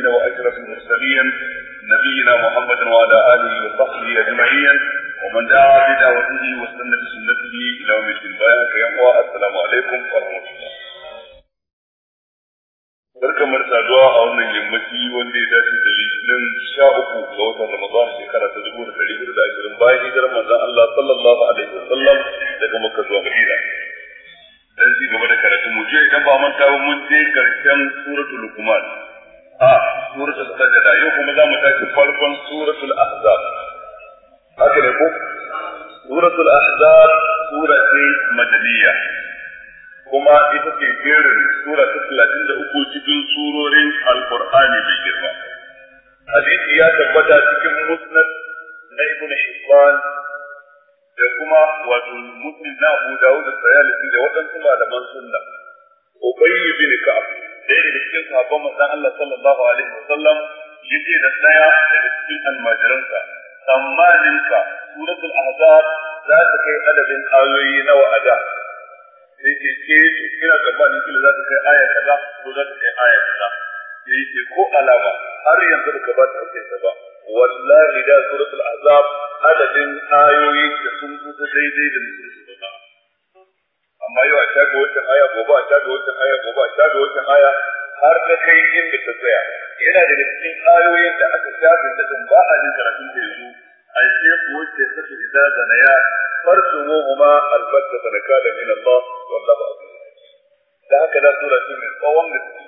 النبيين واشرف المرسلين نبينا محمد وعلى اله وصحبه اجمعين ومن دعا بدعوته واستنى بسنته الى يوم الدين بارك يا السلام عليكم ورحمه الله barkan mu da saduwa a wannan yammaci wanda ya dace da litinin sha uku ga watan ramadan shekara ta dubu da ɗari hudu da ashirin bayan hijirar manzon Allah sallallahu alaihi wasallam daga makka zuwa madina dan ci gaba da karatu mu je idan ba manta mun je karshen suratul luqman a suratul sajda yau kuma za mu tafi farkon suratul ahzab haka ne ko suratul ahzab sura ce madaniya kuma ita ce jerin sura ta talatin da uku cikin surorin alkur'ani mai girma hadisi ya tabbata cikin musnad na ibn hibban da kuma wato muslim na abu dawud da sayalisi da waɗansu malaman sunna ubayy bin ka'ab ɗaya daga cikin sahabban manzon Allah sallallahu alaihi wasallam yace da ɗaya daga cikin almajiransa tsammaninka suratul ahzab za ta kai adadin ayoyi nawa a da sai ce ke eh, ina tsammanin kila za ta kai aya kaza ko za ta kai aya kaza sai ce ko alama har yanzu da ka ba ta hankinta ba wallahi da suratul ahzab adadin ayoyi da sun kusa daidai da mutum amma yau a shaga wancan haya gobe a shaga wancan haya gobe a shaga wancan haya har da kai inda ta tsaya yana da cikin ayoyin da aka shafe da din ba a jin karatun da yanzu a ce kuwa ce ta su idan zanaya farsu mu kuma albatta sanaka da min Allah wallahu akbar da haka da sura ce mai tsawon da su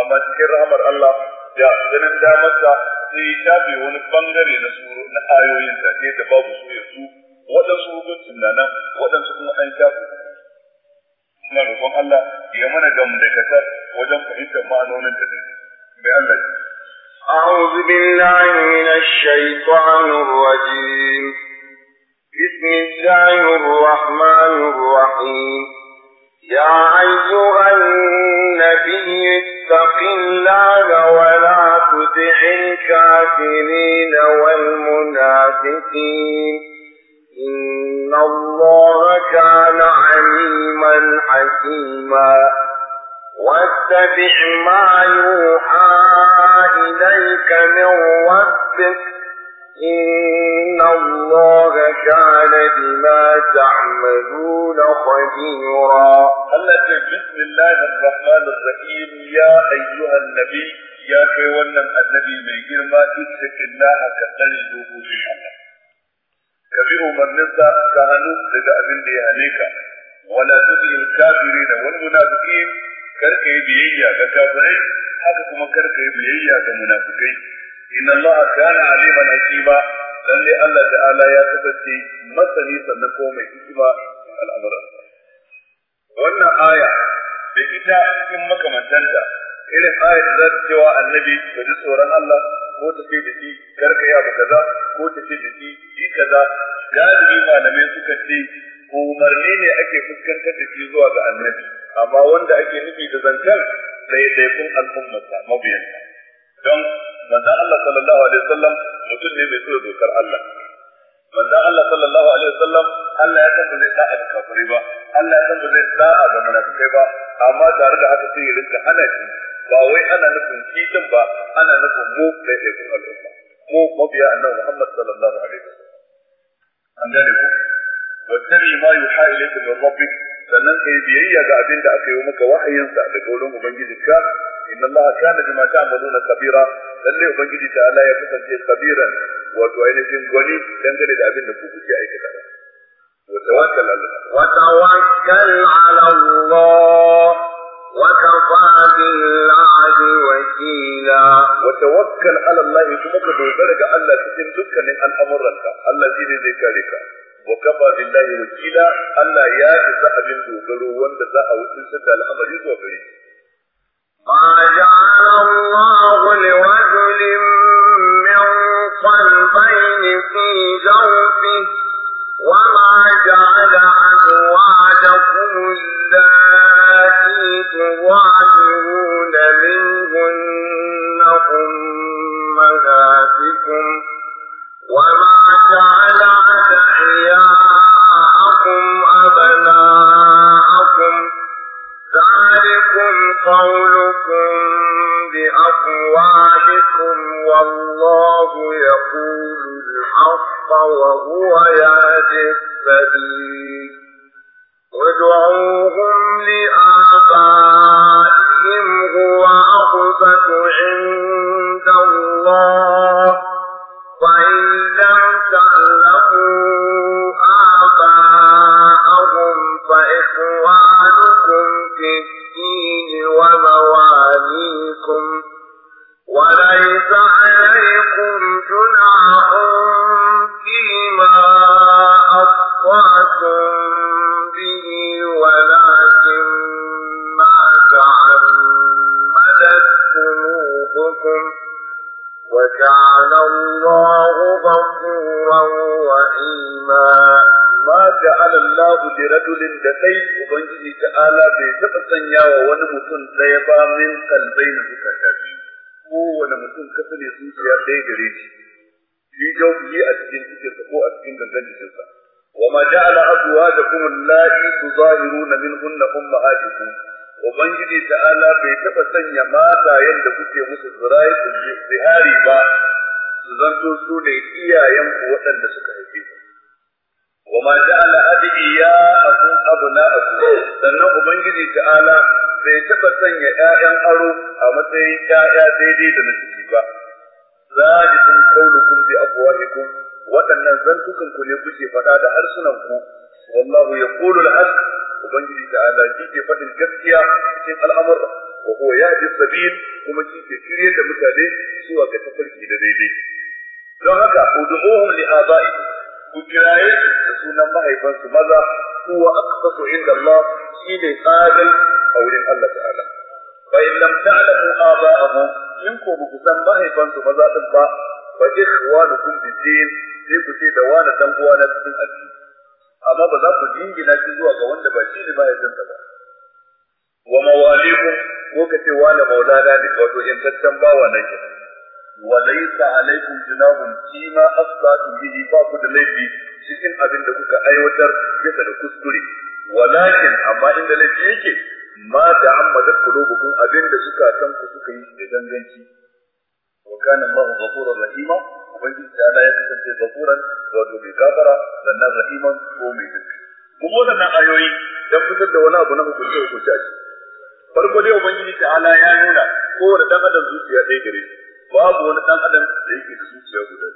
amma cikin rahmar Allah da ganin damarsa sai ya shafe wani bangare na suru na ayoyin da da babu su yanzu waɗansu hukuncin na nan waɗansu kuma an shafe suna roƙon Allah ya mana gamdakatar wajen fahimtar ma'anonin tafsiri mai Allah أعوذ بالله من الشيطان الرجيم بسم الله الرحمن الرحيم يا أيها النبي اتق الله ولا تطع الكافرين والمنافقين إن الله كان عليما حكيما واتبع ما يوحى إليك من ربك إن الله كان بما تعملون خبيرا التي بسم الله الرحمن الرحيم يا أيها النبي يا كيوانا النبي من جرما اتق الله كتلي دوبوش ka bi umarninsa ka hannu daga abin da ya hane ka wala tudil kafirin wal kar ka yi biyayya ga kafirai haka kuma kar ka yi biyayya ga munafikai inna allaha kana aliman hakima lalle Allah ta'ala ya kasance masani sannan ko mai hikima al'amuran wannan aya da ita cikin makamantanta irin aya da za ta cewa annabi ka ji tsoron Allah ko ta ce da shi karka ya kaza ko ta ce da shi yi kaza galibi malamai suka ce umarni ne ake fuskantar da shi zuwa ga annabi amma wanda ake nufi da zancen al'umma al'ummarsa mabiyan. don manzo Allah sallallahu alaihi wasallam mutum ne mai tura dokar Allah manzo Allah sallallahu alaihi wasallam Allah ya san ba zai sa'a da kafiri ba Allah ya san ba zai sa'a da munafikai ba amma tare da haka sai ya rinka hana shi ba wai ana nufin titin ba ana nufin mu da ya kun al'umma mu mabiya annabi Muhammad sallallahu alaihi wasallam an gane ku wattabi ma yuha ilayka min rabbik sannan kai biyayya ga abin da aka yi maka wahayinsa daga wurin ubangijinka inna allaha kana bima ta'maluna kabira lalle ubangiji ta Allah ya kasance kabiran wato ainihin gwani dangane da abin da ku kuke aikata wa tawakkal ala Allah wa tawakkal ala Allah وكفى بالله وكيلا وتوكل على الله كمك دوبرك ألا تتمدك لأن أمرك ألا تيني ذكالك وكفى بالله وكيلا ألا ياك سحب دوبرو وانت أو تنسد الأمر يزوفي ما جعل الله لرجل من قلبين في جوفه وما جعل أزواجكم الزاد تظاهرون منهن أمهاتكم وما جعل أدعياءكم أبناءكم ذلكم قولكم بأقوالكم والله يقول الحق وهو يهدي السبيل ادعوهم لآبائهم هو أخبث عند الله فإن لم تعلموا وكان الله غفورا رحيما ما جعل الله لرجل دقي وبنجي تعالى بيتقسن يا ونمتن سيبا من قلبين بكتابي kowane mutum ka zuciya ɗaya gare shi fi a cikin cikinsa ko a cikin gangan jikinsa wa ma ja'ala azwajakum allati tuzahiruna minhunna ummahatikum ubangiji ta'ala bai taɓa sanya mata yadda kuke musu zirai zihari ba su zanto su ne iyayen ku waɗanda suka haife ku wa ma ja'ala adiya akum abuna akum sannan ubangiji ta'ala bai taɓa sanya ƴaƴan aro a matsayin ƴaƴa daidai da na ciki ba zalikum qawlukum bi afwahikum waɗannan zantukan ku ne kuke faɗa da harsunan ku wallahu yaqulu al-haqq ubangiji ta ala shi ke faɗin gaskiya cikin al'amura wa huwa ji sabil kuma shi ke shirye da mutane zuwa ga tafarki da daidai don haka ud'uhum li aba'i ku kiraye da sunan mahaifansu maza huwa aqsatu inda Allah shi ne adal a wurin Allah ta'ala fa in lam ta'lamu aba'ahu in ko ba ku san mahaifansu maza din ba fa ikhwanukum bid din sai ku ce da wani dan uwa na cikin addini amma ba za ku jingina shi zuwa ga wanda ba shi ne ba ya jinsa ba wa mawaliku ko ka ce wala maulana ne wato in tattan wa na ke wa laysa alaikum junahun bihi ba ku da laifi cikin abin da kuka aiwatar bisa da kuskure walakin amma inda laifi yake ma da amma da kulubukun abin da suka tanku suka yi da ganganci wa kana Allahu ghafurur rahima ubangiji ta Allah ya kasance zakuran wato mai gafara sannan rahiman ko mai jinkai duk waɗannan ayoyi dan fitar da wani abu na hukunce hukunce a ciki farko dai ubangiji ta ala ya nuna kowane ɗan adam zuciya ɗaya gare shi babu wani ɗan adam da yake da zuciya guda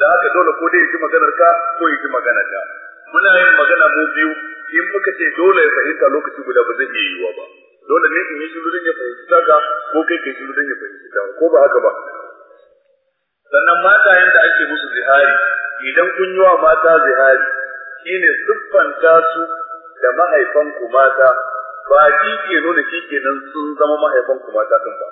da haka dole ko dai ya ji maganar ka ko ya ji maganar ka muna yin magana mu biyu in muka ce dole ya fahimta lokaci guda ba zai iya yiwuwa ba dole ne in yi shiru don ya fahimci ka ko kai kai shiru don ya fahimci ka ko ba haka ba sannan mata yanda ake musu zihari idan kun yi wa mata zihari shine siffanta su da mahaifanku mata ba shi ke nuna shi kenan sun zama mahaifanku mata kan ba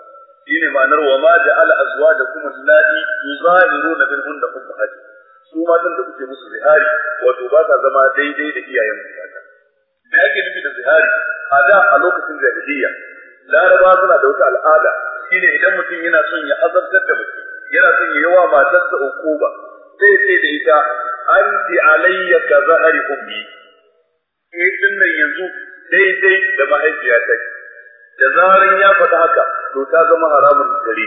shine ma'anar wa ma da ja'ala azwajakum allati hunda kuma ummahatikum su matan da kuke musu zihari wato ba ta zama daidai da iyayen mata me ake nufi da zihari a da a lokacin jahiliya laraba suna da wata al'ada shine idan mutum yana son ya azabtar da mutum yana son yi wa matarsa ba, sai ce da ita anti alayya ka zahari ummi eh, din nan yanzu daidai da mahaifiyata da zarin ya faɗa haka to ta zama haramun gare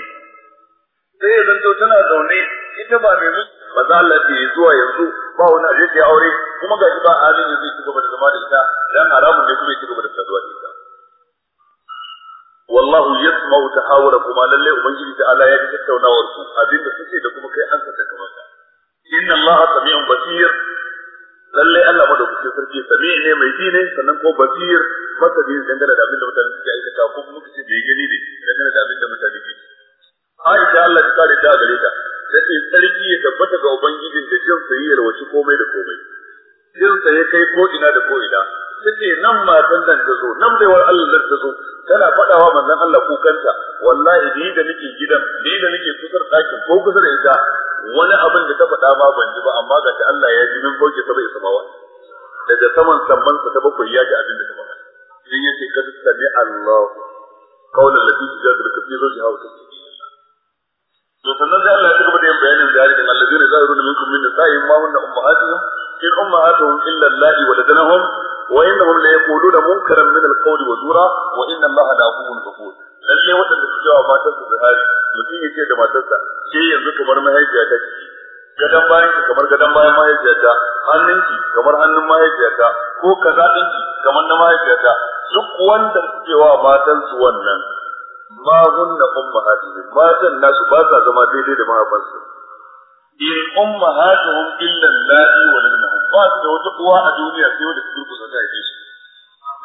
sai ya zanto tana zaune ita ba mai mutu ba za zuwa yanzu ba wani aje ya aure kuma ga shi ba halin yanzu ya ci gaba da zama da ita dan haramun ne kuma ya ci gaba da saduwa da wallahu yasma'u tahawurakuma lalle ubangiji ta ala ya ji tattaunawar ku abinda suke da kuma kai an saka kamar ka inna allaha sami'un basir lalle Allah kuke sarki sami ne mai ji sannan ko basir masani dangane da abin da mutane suke aikata ko kuma kace bai gani ne dangane da abin da mutane ke Aisha Allah ta kare ta gare ta sai sarki ya tabbata ga ubangijin da jin sayyar wace komai da komai jin sa kai ko ina da ko ina take nan matan nan ta zo nan baiwar Allah nan ta zo tana faɗawa manzon Allah kukanta wallahi ni da nake gidan ni da nake kusur ɗakin ko kusa da ita wani abin da ta faɗa ma ban ji ba amma ga ta Allah ya ji min fauke ta bai samawa daga saman samman ta bakwai ya ji abin da ta faɗa sai yace kad sami Allah qawlan lati tujadiluka fi zawjiha wa tasfihi to sannan sai Allah ya cigaba da yin bayanin Allah zalikin allazina zahiruna minkum min nisa'ihim ma hunna ummahatuhum in ummahatuhum illa allati waladanahum وإنهم ليقولون منكرا من القول وزورا وإن الله لعفو غفور lalle waɗanda suke wa matarsa zihari mutum ya ce da matarsa ke yanzu kamar mahaifiyata ciki gadon bayan ki kamar gadon bayan mahaifiyata hannunki kamar hannun mahaifiyata ko kaza ɗinki kamar na mahaifiyata duk wanda suke wa matansu wannan ma hunna ummahatihim matan nasu ba sa zama daidai da mahaifansu in ummahatuhum illa allati wa lam ba su da wata uwa a duniya sai wanda su durkusa ta yi su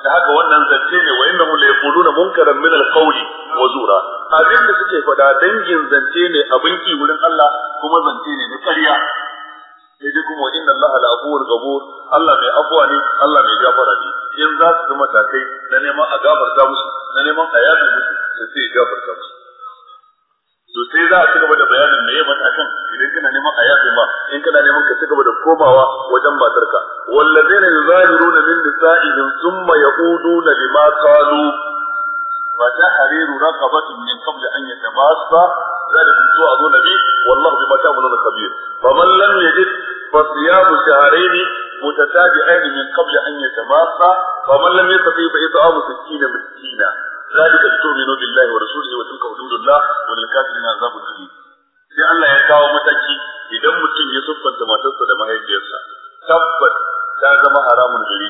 da haka wannan zance ne wa da la yaquluna na munkarar al-qawli wa zura abin da suke faɗa dangin zance ne abin ki wurin Allah kuma zance ne na ƙarya sai dai kuma inna Allah la abuwar gabo Allah mai abuwa ne Allah mai gafara ne in za su zama takai na neman a gafarta musu na neman a yafe musu sai sai gafarta musu to sai za a ci gaba da bayanin me yaman akan idan kana neman a yafe ma in kana neman ka ci gaba da komawa wajen matarka wallazina yuzahiruna min nisa'ihim thumma yaquduna lima qalu فتحرير رقبة من قبل أن يتماسى ذلك توعدون به والله بما تعملون خبير فمن لم يجد فصيام شهرين متتابعين من قبل أن يتماسى فمن لم يستطيع فإطعام ستين مسكينا ذلك لتؤمنوا بالله ورسوله وتلك حدود الله وللكافرين عذاب أليم sai Allah ya kawo mataki idan mutum ya siffanta matarsa da mahaifiyarsa tabbat ta zama haramun gari.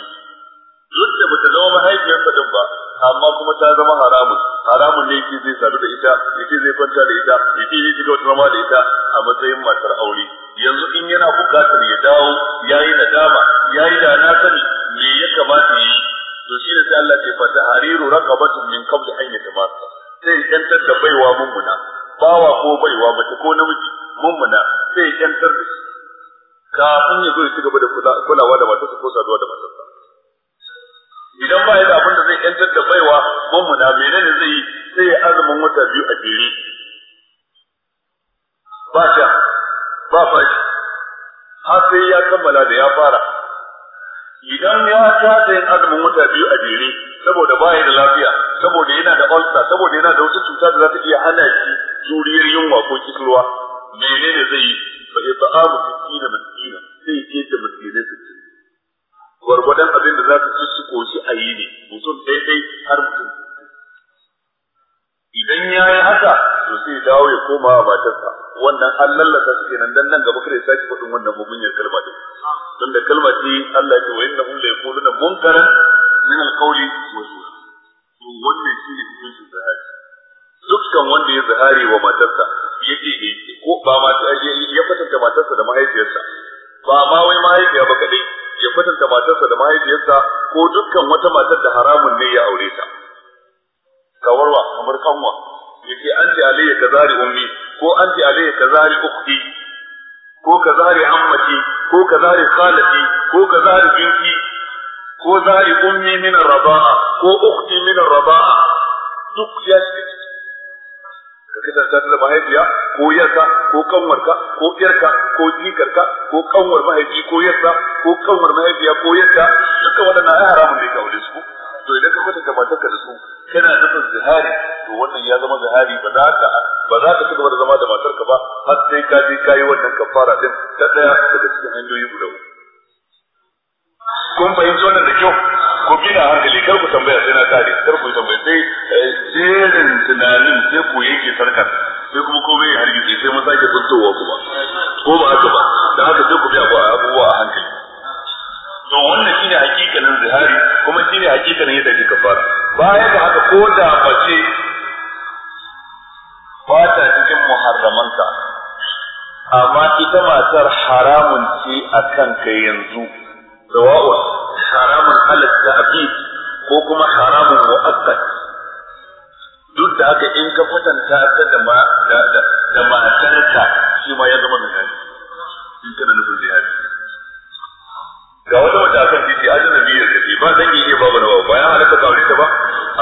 duk da bata zama mahaifiyarsa din ba amma kuma ta zama haramun haramun ne yake zai sadu da ita yake zai kwanta da ita yake zai shiga wata rama da ita a matsayin matar aure yanzu in yana bukatar ya dawo yi nadama yayi da na sani me ya kamata yi to shi ne sai Allah ce fa hariru raqabatu min qabli an yatamassa sai yantar da baiwa mummuna bawa ko baiwa mace ko namiji mummuna sai yantar da shi kafin ya zo ya ci gaba da kulawa da mata ko saduwa da mata idan ba ya da abin da zai yantar da baiwa mummuna menene zai yi sai ya azumin wata biyu a jere ba ta ba fashi har sai ya kammala da ya fara idan ya kasa yin azumin wata biyu a jere saboda baya da lafiya saboda yana da ulcer saboda yana da wata cuta da za ta iya hana shi juriyar yunwa ko kisruwa menene zai yi fa ita'amu tsina, miskina sai ke da miskinai sai gwargwadon abin da za ka ci su koshi a yi ne mutum daidai har mutum idan ya yi haka to sai dawo ya koma matarsa wannan an lallata su kenan dan nan gaba kare sake faɗin wannan mugunyar kalma din don da kalma ce Allah ce wa innahum la yaquluna munkaran min alqawli wa zura to wannan shine hukuncin zahari dukkan wanda ya zahari wa matarsa yake ne ko ba ma ya kwatanta matarsa da mahaifiyarsa ba ma wai mahaifiya ba kadai ya kwatanta matarsa da mahaifiyarsa ko dukkan wata matar da haramun ne ya aure ta kawarwa kamar kanwa yake an ji alayya ka zari ummi ko ji alayya ka zari ukhti ko ka zari ammati ko ka zari khalati ko ka zari binti ko zari ummi min raba'a ko ukhti min raba'a duk ya shi ka da ta da mahaifiya ko yarka ko kanwarka ko yarka ko jikarka ko kanwar mahaifi ko yarka ko kanwar mahaifiya ko yarka duka waɗannan ai haramun ne ka aure su to idan ka kwatanta matarka da su kana nufin zihari to wannan ya zama zahari ba za ka ba za ka ci gaba da zama da matarka ba har sai ka je ka yi wannan kafara din ta daya daga cikin hanyoyi guda kun fahimci wannan da kyau ku bi hankali kar ku tambaya sai na kare kar ku tambaya sai eh, jerin tunanin sai ku yake sarkar sai kuma komai ya hargitse sai mun sake kuntowa kuma ko ba haka ba da haka sai ku bi abubuwa a hankali to wannan shine hakikanin zihari kuma shine hakikanin yadda kika fara baya da haka ko da mace bata cikin muharramanta. amma ita matar haramun ce a kanka yanzu zawa'un haramun halatta abid ko kuma haramun mu'akkad duk da haka in ka kwatanta ta da matarka shi ma ya zama misali in kana nufin jihadi ga wata wata kan titi a jana biyar kace ba zan iya babu na ba bayan halaka ka ta ba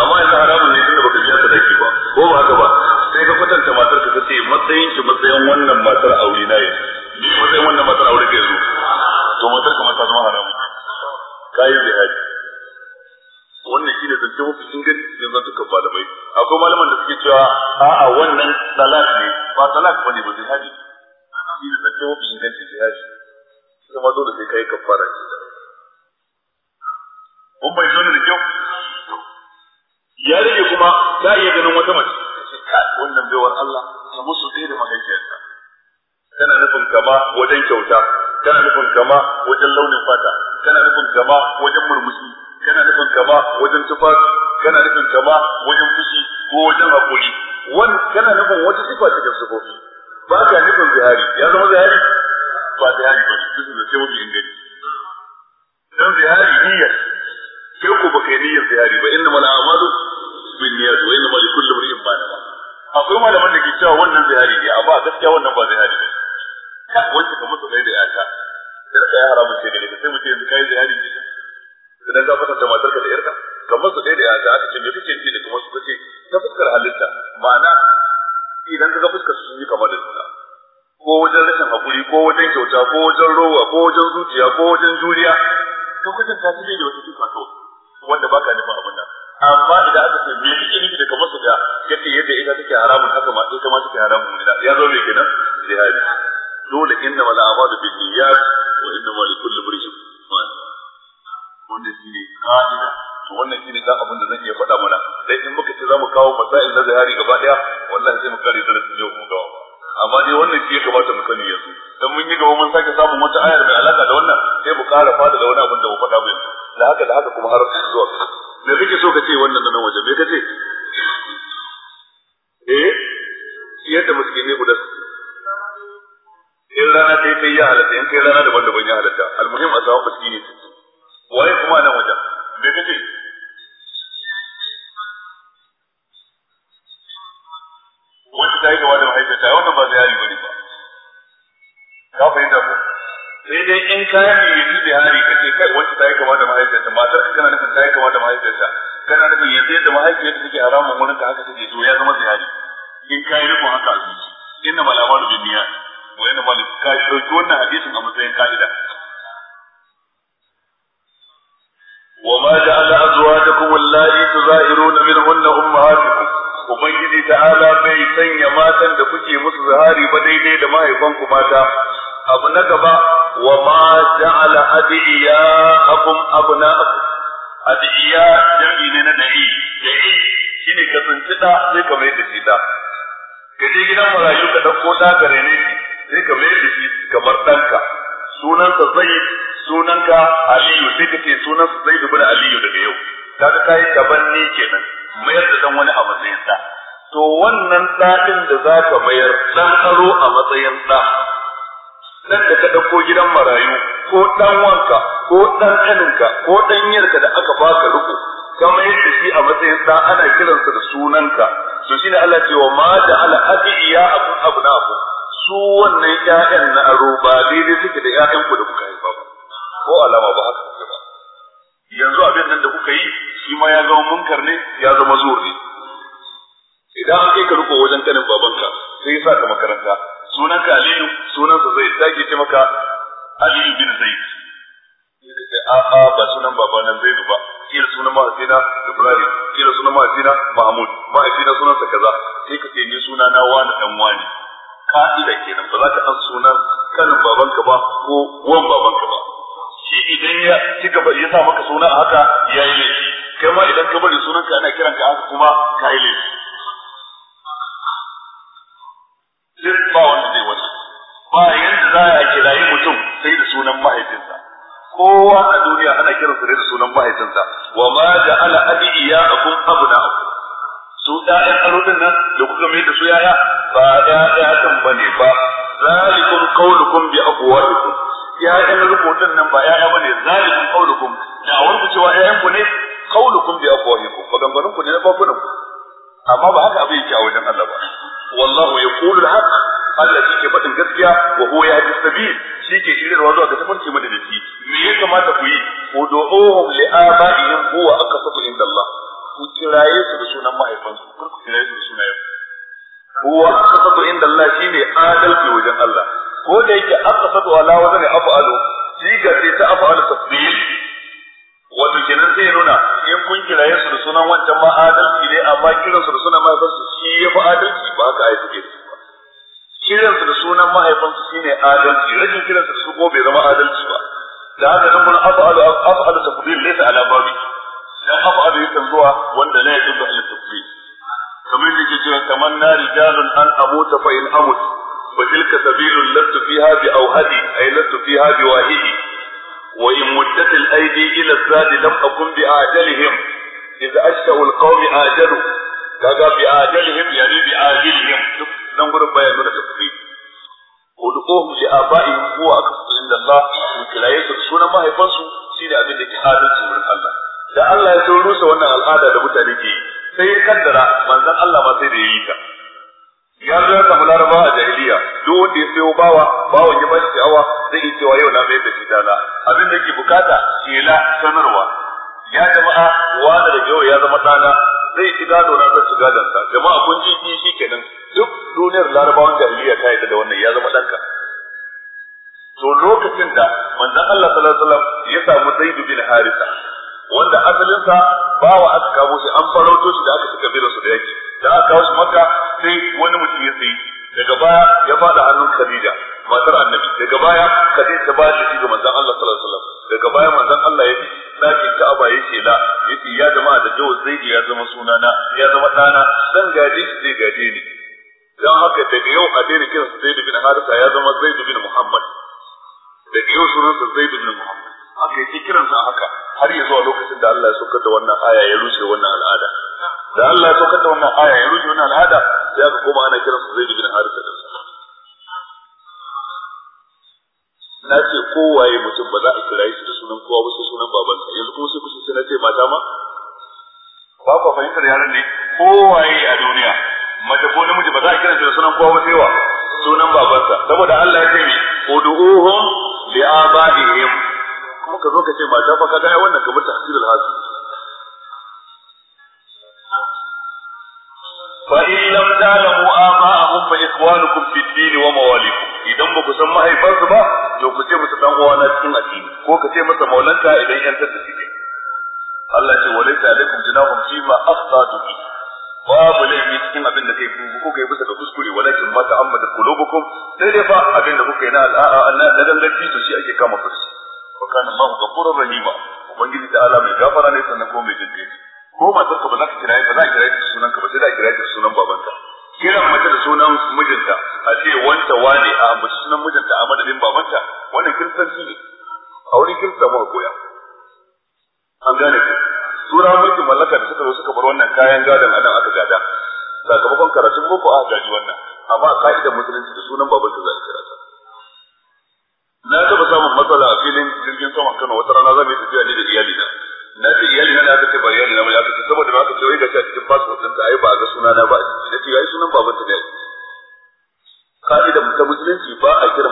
amma yanzu haramun ne tunda baka biya daki ba ko ba haka ba sai ka kwatanta matar ka ce matsayin ki matsayin wannan matar aure na yanzu ni matsayin wannan matar aure ka yanzu to matar ka mata zama haramu kayan jihadi wannan shi ne zance mafi inganci cikin zantukan malamai akwai malaman da suke cewa a'a wannan salat ne ba salat bane ba jihadi shi ne zance mafi inganci jihadi sai ma dole sai kai kafara ce mun bai zo da kyau ya rage kuma ta iya ganin wata mace wannan baiwar Allah a musu ɗaya da mahaifiyarta tana nufin kama wajen kyauta tana nufin kama wajen launin fata tana nufin kama wajen murmushi tana nufin kama wajen tufafi tana nufin kama wajen fushi ko wajen haƙuri wani tana nufin wata sifa cikin sifofi ba ka nufin zihari ya zama zihari ba zihari ba su da ce mafi ingani Don zihari niyyar sai ku baka yi niyyar zihari ba inda mana amalu akwai malaman da ke cewa wannan zai hari ne amma gaskiya wannan ba zai zihari ne ka wanke ka musu da yata sai ka yi haramun ce ne sai mutum yanzu kai zihari ne idan ka fata da matarka da yarka ka musu da yata aka ce me kake ji da kuma su kace ta fuskar halitta ma'ana idan ka ga fuskar su yi kamar da juna ko wajen rashin hakuri ko wajen kyauta ko wajen rowa ko wajen zuciya ko wajen juriya ka kwatanta shi da wata tuka kawai wanda baka nufin abin nan amma idan aka ce me kake nufi da kamar zaujiha yace yadda ita take haramun haka ma ita ma take haramun ne ya zo ne kenan jihadi dole inna wala abadu bi niyyat wa inna li kulli mrijin wanda shi ne ka'ida to wannan shine dan abin da zan iya faɗa mana dai in muka ce za mu kawo masail na zahari gaba daya wallahi sai mu kare darasin yau kuma gawa amma dai wannan shi ya kamata mu sani yanzu dan mun yi gaba mun sake samun wata ayar mai alaka da wannan sai mu ƙara fada da wani abin da mu faɗa mu da haka da haka kuma har zuwa me kake so ka ce wannan nan waje me kace ciyar da musulmi guda su in rana ta yi kai ya halatta in kai rana daban-daban ya halatta almuhim a zama musulmi su ci waye kuma nan wajen me ce. wanda ta yi gaba da mahaifiyarta wannan ba zai ba ne ba ka fahimta ko sai dai in ka yi yanzu da hari ka ce kai wacce ta yi gaba da mahaifiyarta matar ka kana nufin ta yi gaba da mahaifiyarta kana nufin yanzu yadda mahaifiyarta take haramun wurin ka haka take to ya zama zihari in ka yi rikon haka a inna ma lamaru duniya, wa inna ma ka dauki wannan hadisin a matsayin ka'ida wa ma ala azwajakum allati tuzahiruna minhunna ummahatukum ubangiji ta'ala bai sanya matan da kuke musu zahari ba daidai da mahaifanku mata abu na gaba wa ma ja'ala adiyakum abna'akum adiya jam'i ne na da'i da'i shine kasance da sai kamar da shi da ka je gidan marayu ka ɗauko ɗa ka rene sai ka mai da shi kamar ɗanka sunansa zai sunanka aliyu sai ka ce sunansa zai da gudu aliyu daga yau kaga ka yi ni kenan mayar da ɗan wani a matsayin ɗa to wannan ɗaɗin da za ka mayar ɗan aro a matsayin ɗa ɗan da ka ɗauko gidan marayu ko ɗan wanka ko ɗan ɗaninka ko ɗanyarka yarka da aka baka riko ka mayar da shi a matsayin ɗa ana kiransa da sunanka to shine Allah ce wa ma abu na abu su wannan ƴaƴan na aro ba daidai suke da ƴaƴan ku da kuka yi ba ko alama ba haka kuke ba yanzu abin nan da kuka yi shi ma ya zama munkar ne ya zama zuwa ne idan an kai ka riko wajen kanin babanka sai ya sa ka makaranta sunanka Aliyu sunansa zai dage ce maka Aliyu bin Zaid sai ka ce a'a ba sunan babana Zaid ba kila sunan mahaifina Ibrahim kila sunan mahaifina Mahmud mahaifina sunan sa kaza sai ka ce ni suna na wani dan wani ka'ida kenan ba za ka san sunan kanin babanka ba ko wan babanka ba shi idan ya kika ba ya sa maka suna a haka ya yi laifi kai ma idan ka bari sunanka ana kiranka haka kuma ka yi laifi duk ba wanda zai wani ba yanda za a kirayi mutum sai da sunan mahaifinsa kowa a duniya ana kiran su da sunan mahaifinsa wa ma ja'ala abi iyyakum abna'akum su ɗayan arodin nan da kuka mai da su yaya ba ɗaya ɗin ba ne ba zalikun kaulukum bi abuwaikum ya'yan rubutun nan ba ya'ya bane zalikun kaulukum da wani ku cewa ya'yan ku ne kaulukum bi abuwaikum maganganun ku ne na babunan ku amma ba haka abin yake a wajen Allah ba wallahu yaqulu al-haq Allah shi ke faɗin gaskiya wa huwa yahdi sabil shi ke shirarwa zuwa ga tafarki madadaci me ya kamata ku yi ud'uhum li abaihim huwa aqsatu inda Allah ku kiraye su da sunan mahaifansu kar ku kiraye su da sunayen huwa aqsatu inda Allah shine adalci wajen Allah ko da yake aqsatu ala wazni af'alu siga sai ta af'alu tafdil wato kenan zai nuna in kun kiraye su da sunan wancan ma adalci ne amma kiransu da sunan mahaifansu shi ya fi adalci ba haka ai suke kiransu da sunan mahaifansu shine adalci rashin kiransu da su ko bai zama adalci ba da haka nan mun af'alu af'alu tafdil laysa ala babi dan af'alu yakan zuwa wanda ne yake da tafdil kamar da ke cewa kamar na rijalun an amuta fa in amut fa tilka sabilun lastu fiha bi awhadi ay lastu fiha bi wahidi wa in muddat al aidi ila zad lam akun bi ajalihim idza ashta al qawmi ajalu kaga bi ajalihim yani bi ajilihim duk nan gurin baya nuna tafsiri ud'uhum li aba'ihim aka aqsatu da Allah kiraye su sunan mahaifansu shine abin da ke su wurin Allah da Allah ya so rusa wannan al'ada da mutane ke sai ya kaddara manzon Allah ma sai da ya yi ta ya zo ta laraba a jahiliya duk wanda ya sayo bawa bawan ya bashi awa zai yi cewa yau na mai da shi dana abin da ke bukata shela sanarwa ya jama'a wani da yau ya zama dana zai ci gado na zai ci gadon sa jama'a kun ji shi kenan duk duniyar larabawan jahiliya ta yadda da wannan ya zama ɗanka to lokacin da manzon Allah sallallahu alaihi wasallam ya samu Zaid bin Harisa wanda asalinsa bawa aka kawo shi an farauto shi da aka saka bira su da yake da aka kawo shi maka sai wani mutum ya sayi daga baya ya fada hannun Khadija matar annabi daga baya Khadija ta ba shi ga manzon Allah sallallahu alaihi wasallam daga baya manzon Allah ya dakin aba ya ce la yace ya jama'a da Zaid ya zama sunana ya zama dana zan gaje shi zai gaje ni don haka daga yau a daina kiran su zaidu bin Harisa ya zama zaidu bin Muhammad daga yau sunan sa zaidu bin Muhammad aka yake kiran sa haka har ya zuwa lokacin da Allah ya saukar da wannan aya ya rushe wannan al'ada da Allah ya saukar da wannan aya ya rushe wannan al'ada sai aka koma ana kiran sa zaidu bin Harisa da su. na ce kowaye mutum ba za a kira shi da sunan kowa ba sai sunan babansa yanzu kuma sai kusa sai na ce mata ma ba ku fahimtar yaran ne kowaye a duniya mace ko namiji ba za a kira da sunan kowa sai wa sunan babansa saboda Allah ya ce ni ud'uhum li abaihim kuma ka zo ka ce mata fa kaga wannan kamar tahsilul hasil fa in lam ta'lamu aba'ahum fa ikhwanukum fid din wa mawalikum idan ba ku san mahaifansu ba to ku ce musu dan uwana cikin addini ko ka ce masa maulanta idan yantar da shi Allah ce walaita alaikum fi ma afsadu bihi babu laifi cikin abin da kai kuka yi bisa ga kuskure walakin ma ta amma da kulubukum sai dai fa abin da kuka yi na al'a'a na danganci to shi ake kama kursi wa kana ma ghafurur rahima ubangiji ta ala mai gafara ne sannan ko mai jinkai ko ma ka ba za ka kira ba za ka kira da sunan ka ba sai da kira da sunan babanka. kiran mata da sunan mijinta a ce wanta wane a ambaci sunan mijinta a madadin babanta wannan shi ne a wurin kirsan muka koya an gane ku turawan mulkin mallaka da suka zo suka bar wannan kayan gadon adam aka gada sakamakon karatun boko a gaji wannan amma ka'idar musulunci da sunan babu da zai kira ta na taba samun matsala a filin jirgin saman Kano wata rana zan yi tafiya ne da iyalina na ce iyalina na aka ce ba iyalina ba aka ce saboda na aka ce wai gashi a cikin passport ɗinka ai ba a ga suna na ba a ciki da ce yi sunan babu ta ne ka'idar ta musulunci ba a kira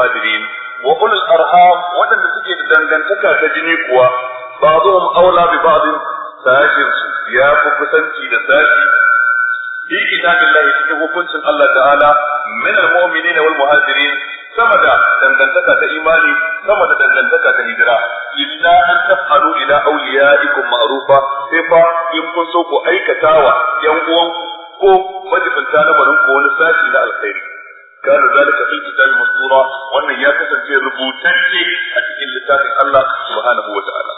muhajirin arha ulul arham suke da dangantaka ta jini kuwa ba'dhum aula bi ba'd sashin su ya fi kusanci da sashi fi kitabillahi cikin hukuncin Allah ta'ala min almu'minin wal muhajirin sama da dangantaka ta imani sama da dangantaka ta hijira illa an taf'alu ila awliyaikum ma'rufa sai fa in kun so ku aikatawa yan uwanku ko majibinta na barin wani sashi na alkhairi kana zalika fil kitabi masdura wannan ya kasance rubutacce a cikin littafin Allah subhanahu wa ta'ala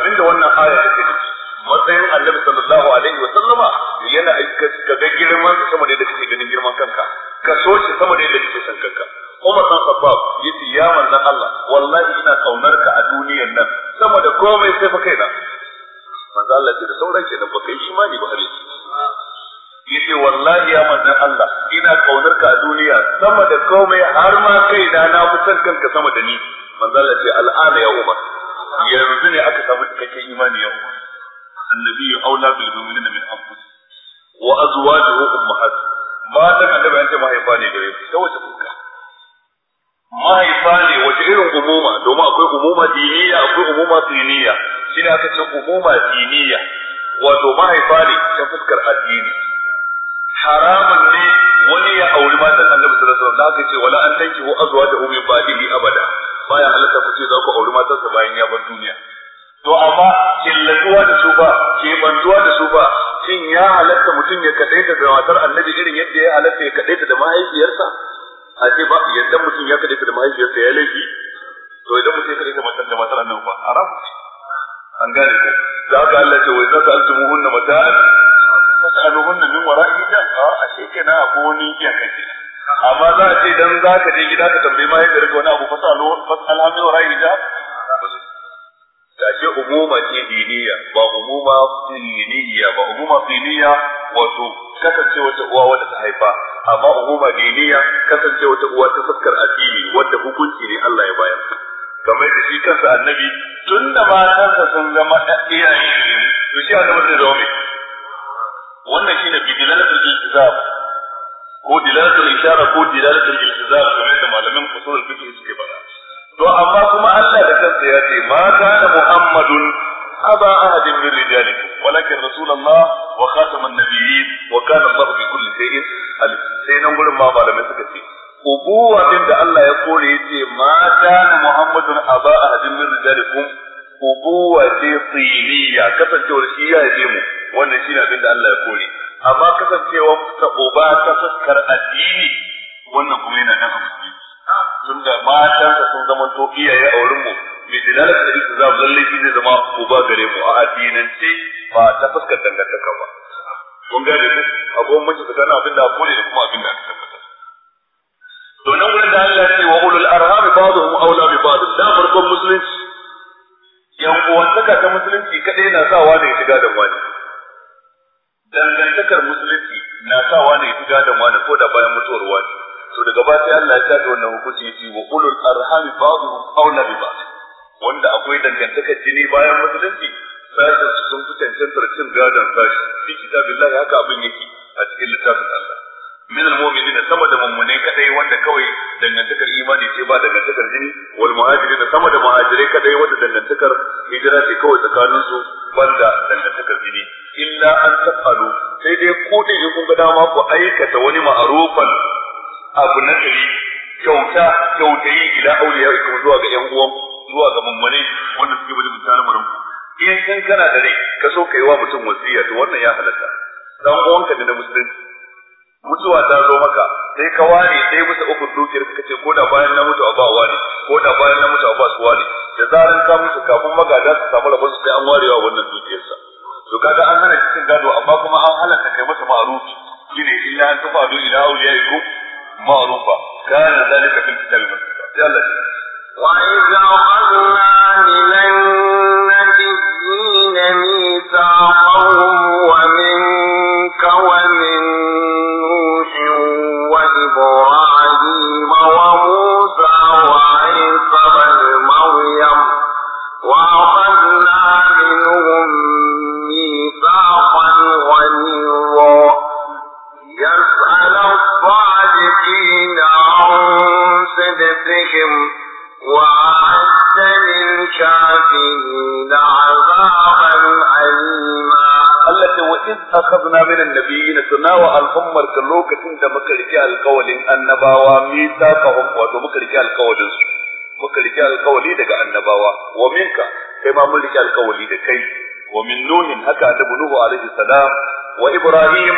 abinda wannan aya take nufi matsayin annabi sallallahu alaihi wa sallama yana ka ga girman sama da kake ganin girman kanka ka so sama da kake san kanka Umar bin Khattab yace ya manzon Allah wallahi ina kaunar ka a duniyar nan sama da komai sai fa kaina manzo Allah ce da sauran kenan ba kai imani ba har yace wallahi ya manzon Allah ina kaunar ka a duniya sama da komai har ma kai na na fitar kanka sama da ni manzon Allah ce al'ana ya umar yanzu ne aka samu cikakken imani ya umar annabi aula bil mu'minina min anfusih wa azwajuhu ummahat matan annabi an ce mahaifa ne gare su ta wace fuska mahaifa ne wace irin umuma domin akwai umuma diniya akwai umuma diniya shine aka ce umuma diniya wato mahaifa ne ta fuskar addini haramun ne wani ya auri matan annabi sallallahu alaihi wasallam da haka ce wala an tankihu azwajahu min ba'dihi abada baya halaka ku ce za ku auri sa bayan ya bar duniya to amma killatuwa da su ba ke banduwa da su ba shin ya halatta mutum ya kadaita da matar annabi irin yadda ya halatta ya kadaita da mahaifiyarsa a ce ba yadda mutum ya kadaita da mahaifiyarsa ya laifi to idan mutum ya kadaita matar da matar annabi ba haram an gane ko da haka Allah ce wa idza altumuhunna mata'an tas'aluhun min wara'i da a ashe kana abu wani iyaka ke amma za a ce dan za ka je gida ka tambayi ma yadda wani abu fasalu fasalha min wara'i da da ce umuma ce diniya ba umuma diniya ba umuma diniya wato kasance wata uwa wadda ta haifa amma umuma diniya kasance wata uwa ta fuskar addini wadda hukunci ne Allah ya bayar kamar da shi kansa annabi tun da kansa sun zama iyaye to shi annabi zai zama mai wannan shine bi dilalatul iltizam ko dilalatul ishara ko dilalatul iltizam kamar da malamin usulul fiqh suke faɗa to amma kuma Allah da kansa ya ce ma kana muhammadun aba ahadin min rijalikum walakin rasulullah wa khataman nabiyyin wa kana Allah bi kulli shay'in alim sai nan gurin ma malamai suka ce ubuwa din da Allah ya kore yace ma kana muhammadun aba ahadin min rijalikum ubuwa ce tsiniya kasancewar shi ya yi mu wannan shine abin da Allah ya kore amma kasancewar ta uba ta fuskar addini wannan kuma yana nan a musulunci tunda matansa sun zama to iyaye a wurin mu mai dilalar da su za mu lalle shi zai zama uba gare mu a addinance ba ta fuskar dangantaka ba kun gane ku abubuwan mace tsakanin abin da kore da kuma abin da aka tabbata to wurin da Allah ya ce wa ulul arham ba'dhum aula bi ba'd da farkon musulunci yan uwantaka ta musulunci kadai na sawa ne shiga da wani dangantakar musulunci na sawa ne shiga da wani ko da bayan mutuwar wani to daga ba sai Allah ya ta wannan hukunci ya wa ulul arhami ba'dhum aula bi ba'd wanda akwai dangantakar jini bayan musulunci sashen su sun fi cancantar cin gadon sashi fi kitabillahi haka abin yake a cikin littafin Allah min almu'minin sama da mummunai kadai wanda kawai dangantakar imani ce ba dangantakar jini wal muhajirin sama da muhajirai kadai wanda dangantakar hijira ce kawai tsakanin su dangantakar jini illa an tafalu sai dai ku din kun ga dama ku aikata wani ma'rufan abu na tsiri kyauta kyautayi ila auliya ku zuwa ga yan zuwa ga mummunai wanda suke wajen mutane murum in kun kana da rai ka so kai wa mutum wasiya to wannan ya halatta dan uwanka da na musulunci mutuwa ta zo maka sai ka ware sai bisa uku dukiyar ka ce ko da bayan na mutu a ba ware ko da bayan na mutu a ba su ware da zarar ka mutu kafin magada su samu rabon su sai an warewa wannan sa to kaga an hana cikin gado amma kuma an halaka kai masa ma'rufi shine illa an tafa do ila awliyaikum ma'rufa kana zalika fil kitab masduda ya Allah وإذ أخذنا من النبيين ميثاقهم iz akhadna min annabiyyin tunawa al'ummar ka lokacin da muka rike alƙawalin annabawa mithaqahum wato muka rike alƙawalin su muka rike alƙawali daga annabawa wa minka kai ma mun rike alƙawali da kai wa min nuhin haka annabi nuhu alaihi salam wa ibrahim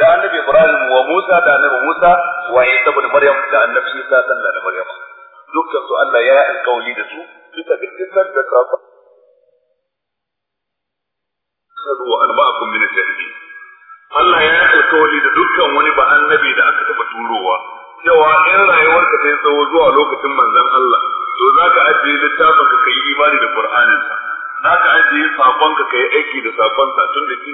da annabi ibrahim wa musa da annabi musa wa isa ibn maryam da annabi isa sallallahu alaihi wasallam dukkan su Allah ya alƙawali da su bisa ga dukkan da safa tashhadu wa alba'akum min al-jahili Allah ya yi alkawari da dukkan wani ba annabi da aka taba turowa cewa in rayuwarka ta yi tsawo zuwa lokacin manzon Allah to za ka ajiye littafin ka yi imani da Qur'anin zaka za ka ajiye sakon ka yi aiki da sakonka tun da shi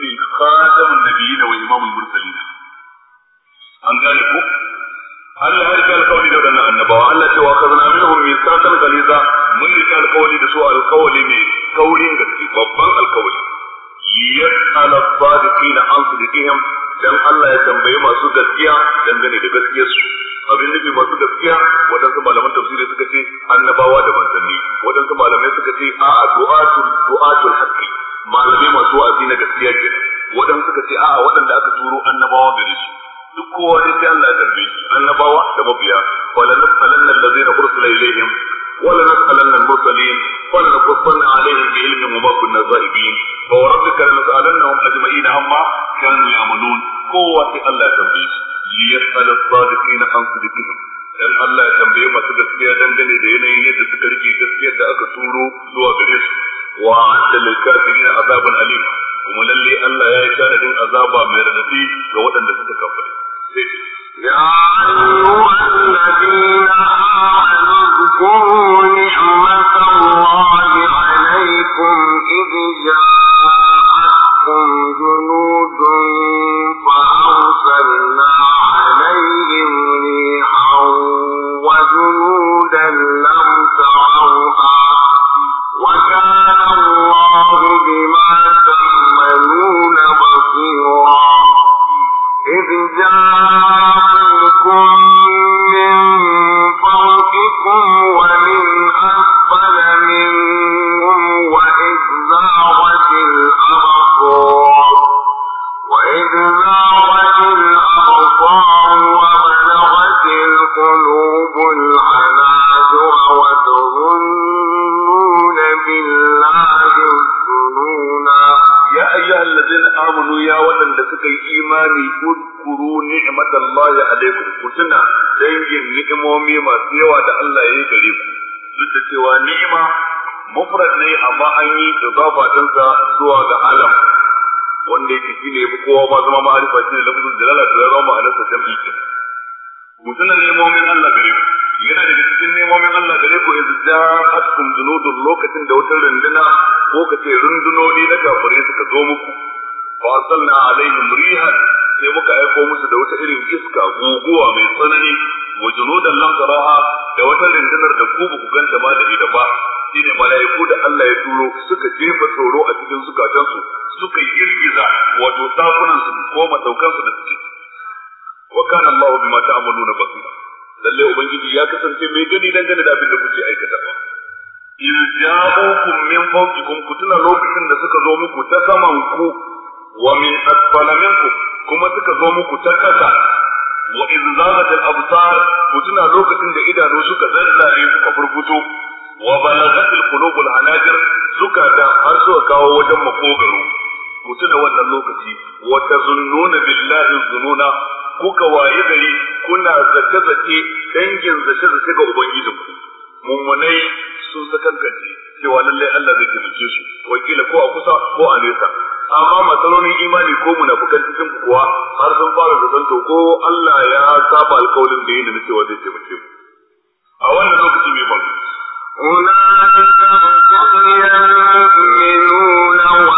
zuwa ga alam wanda yake shi ne kowa ba zama ma'arifa shi ne lafazin jalala da ya zama ma'anarsa jam'i ke mutunan nemomin Allah gare ku yana da cikin nemomin Allah gare ku yanzu ja'atkum junudun lokacin da wata runduna ko ka ce rundunoni na kafare suka zo muku fa arsalna alaihim rihan sai muka aiko musu da wata irin iska guguwa mai tsanani wa junudan lam taraha da wata rundunar da ku ba ku ganta ba da ita ba shine mala'iku da Allah ya turo suka jefa tsoro a cikin zukatansu suka girgiza wato tafunan su ko madaukan su da suke wa kana Allah bima ta'maluna basira lalle ubangiji ya kasance mai gani dangane da abin da kuke ba in ja'ukum min fawqikum kutuna lokacin da suka zo muku ta saman ku wa min asfala minkum kuma suka zo muku ta kasa wa idh zaghat al-absar kutuna lokacin da idanu suka zallaye suka furfuto wa balagatil qulubul suka zukata har suka kawo wajen makogaro ku tuna wannan lokaci wa tazunnuna billahi zununa kuka waye gari kuna zace zace dangin zace zace ga ubangiji ku mummunai sun sakankance cewa lallai Allah zai taimake su kila ko a kusa ko a nesa amma matsalolin imani ko munafukan cikin kuwa har sun fara da to ko Allah ya saba alƙawarin da yake da cewa zai taimake mu a wannan lokaci mai bambanci أولئك هم يؤمنون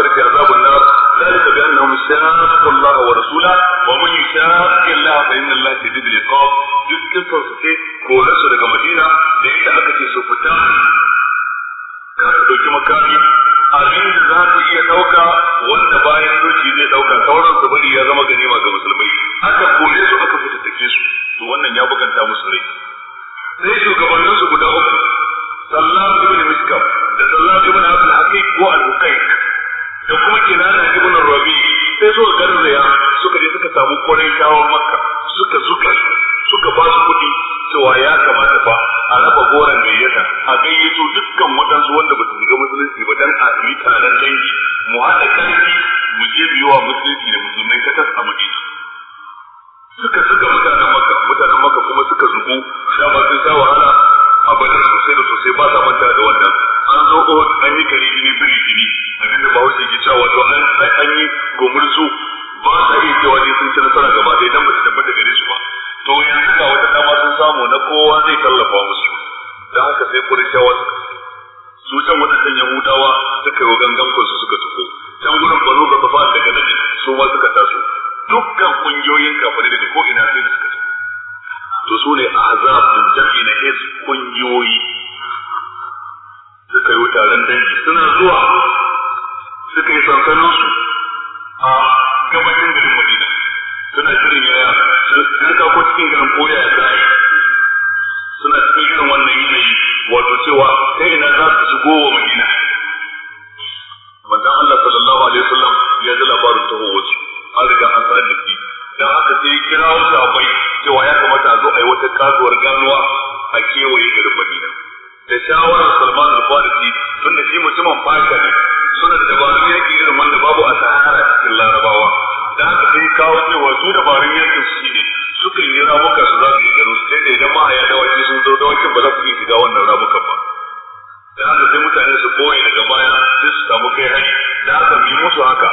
الآخرة عذاب النار ذلك بأنهم شاقوا الله ورسوله ومن يشاق الله فإن الله شديد العقاب duk su ce daga madina da yadda aka ce su fita ɗauki makami abin da za iya ɗauka wanda bayan doki zai ɗauka sauran su bari ya zama ganima ga musulmai aka kore su aka fitattake su to wannan ya bukanta musu rai da kuma da ibn rabi sai da garzaya suka je suka samu kwarai kawo makka suka zuka suka ba su kuɗi cewa ya kamata ba a raba goron gayyata a gayyato dukkan waɗansu wanda ba su shiga musulunci ba dan a yi taron dangi mu haɗa ƙarfi mu je biyuwa musulunci da musulmai ta kas a suka suka mutanen maka mutanen makka kuma suka da ba sun sa wahala a bada sosai da sosai ba sa manta da wannan an zo ko an yi kare ne biri biri abin da wuce ke cewa wato an an yi gumurzu ba sa iya cewa ne sun ci nasara gaba ɗaya dan ba su tabbata gare su ba to yanzu ga wata dama sun samu na kowa zai tallafa musu dan haka sai kurishawa su can waɗannan yahudawa suka yi gangan su suka tuko can gurin banu ga tafa daga nan su ma suka taso dukkan kungiyoyin kafirai daga ko ina sai da suka taso to su ne azab din jami'i na his kungiyoyi suka yi taron dangi suna zuwa suka yi sansanin su a gabashin garin Madina suna shirin yaya sun kako cikin garin koya ya zai suna cikin irin wannan yanayi wato cewa ta ina za su shigo wa Madina manzon Allah sallallahu alaihi wasallam ya ji labarin taho wasu an riga an sanar da shi dan haka sai ya kira wasu abai cewa ya kamata a zo a yi wata kasuwar ganuwa a kewaye garin Madina da shawarar Salman al-Farisi tunda shi mutumin fata ne suna da dabarun yaki irin wanda babu a sahara cikin larabawa da haka sai kawo cewa su dabarun yakin su ne suka yi ramuka su za su yi gano sai da idan mahaya dawaki sun zo dawakin ba za su iya shiga wannan ramukan ba da haka sai mutane su koyi daga baya sai su samu kai hari da haka yi musu haka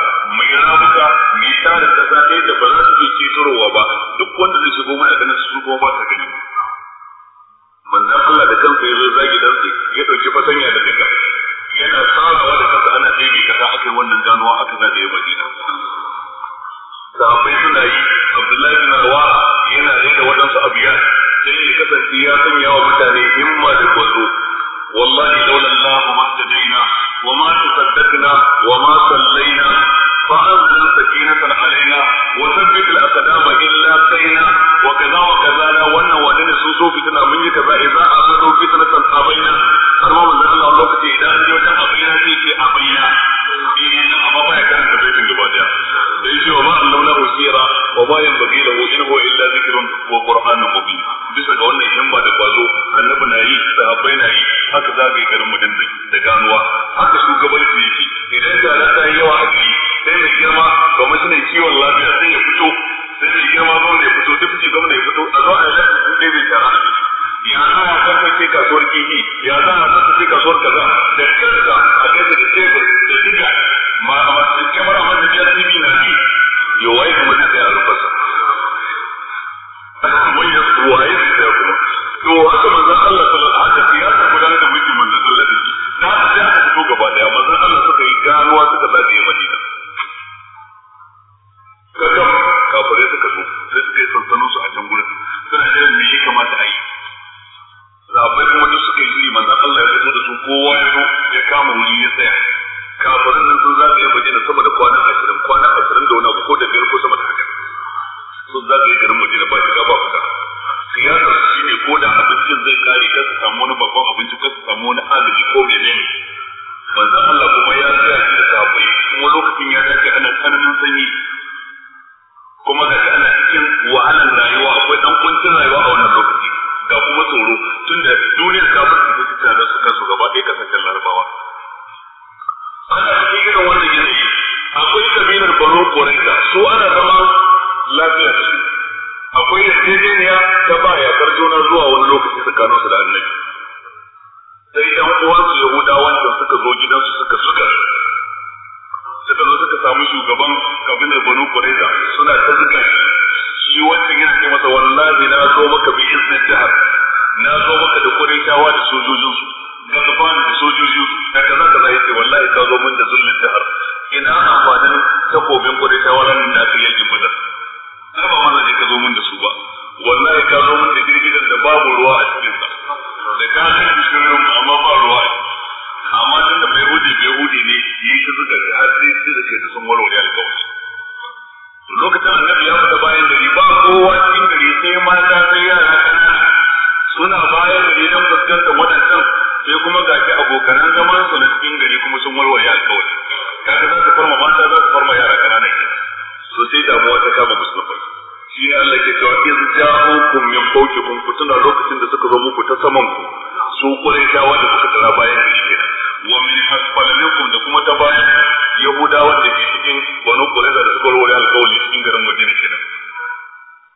cikin wani kureza da suka warware alkawali cikin garin madina kenan